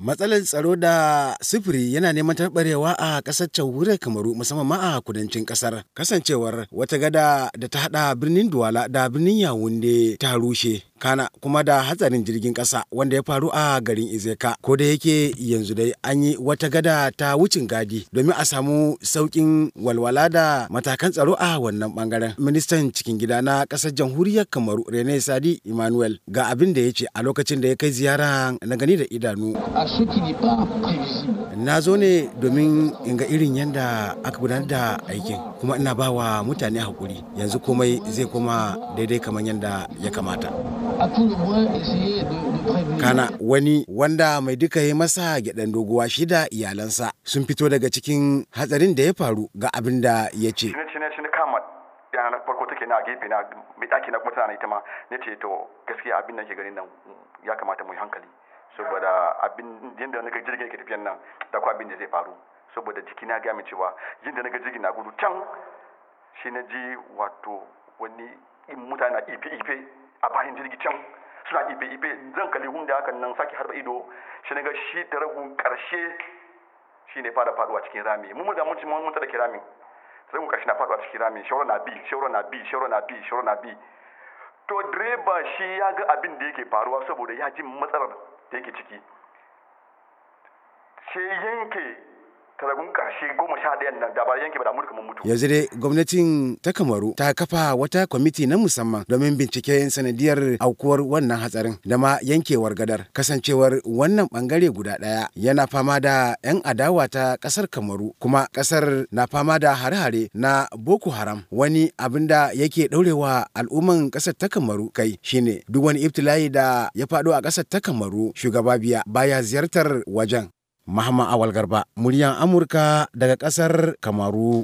matsalar tsaro da sifiri yana neman taɓarewa a ƙasar jamhuriyar kamaru musamman ma a kudancin ƙasar kasancewar wata gada da ta haɗa birnin duwala da birnin yawunde ta rushe kana kuma da hatsarin jirgin ƙasa wanda ya faru a garin izeka ko da yake yanzu dai an yi wata gada ta wucin gadi domin a samu saukin walwala da matakan tsaro a wannan bangaren ministan cikin gida na ƙasar jamhuriyar kamaru rene sadi emmanuel ga abin da ya ce a lokacin da ya kai ziyara na gani da idanu na zo ne domin in ga irin yadda aka gudanar da aikin kuma ina ba wa mutane hakuri yanzu komai zai koma daidai kamar yadda ya kamata. Kana wani wanda mai duka ya masa gyaɗan doguwa shida iyalansa sun fito daga cikin hatsarin da ya faru ga abin da ya ce. yana farko take na gefe na mai ɗaki na kuma tana ita ma ne ce to gaskiya abin nan ke ganin nan ya kamata mu yi hankali saboda abin yadda na ga jirgin ke tafiyan nan da ko abin da zai faru saboda jiki na gaya min cewa yadda na ga jirgin na gudu can shi na ji wato wani mutane na ife ife a bayan jirgin can suna ibe ibe zan kalli wunda hakan nan sake harba ido shi na ga shi da ragu karshe shi ne fara faduwa cikin rami mun mu da mun mun da kirami ragun karshe na faduwa cikin rami shaura na bi shaura na bi shaura na bi shaura na bi to direba shi ya ga abin da yake faruwa saboda ya ji matsalar da yake ciki sai yanke talagun goma sha ɗayan nan da bayan yanke ba da mutu kamar mutu. Yanzu dai gwamnatin ta Kamaru ta kafa wata kwamiti na musamman domin binciken sanadiyar aukuwar wannan hatsarin da ma yankewar gadar kasancewar wannan bangare guda ɗaya yana fama da 'yan adawa ta ƙasar Kamaru kuma ƙasar na fama da hare-hare na Boko Haram wani abin da yake ɗaurewa al'umman ƙasar ta Kamaru kai shine duk wani iftila'i da ya faɗo a ƙasar ta Kamaru shugaba biya baya ziyartar wajen. Mahama Awal Garba, muryan Amurka daga ƙasar Kamaru.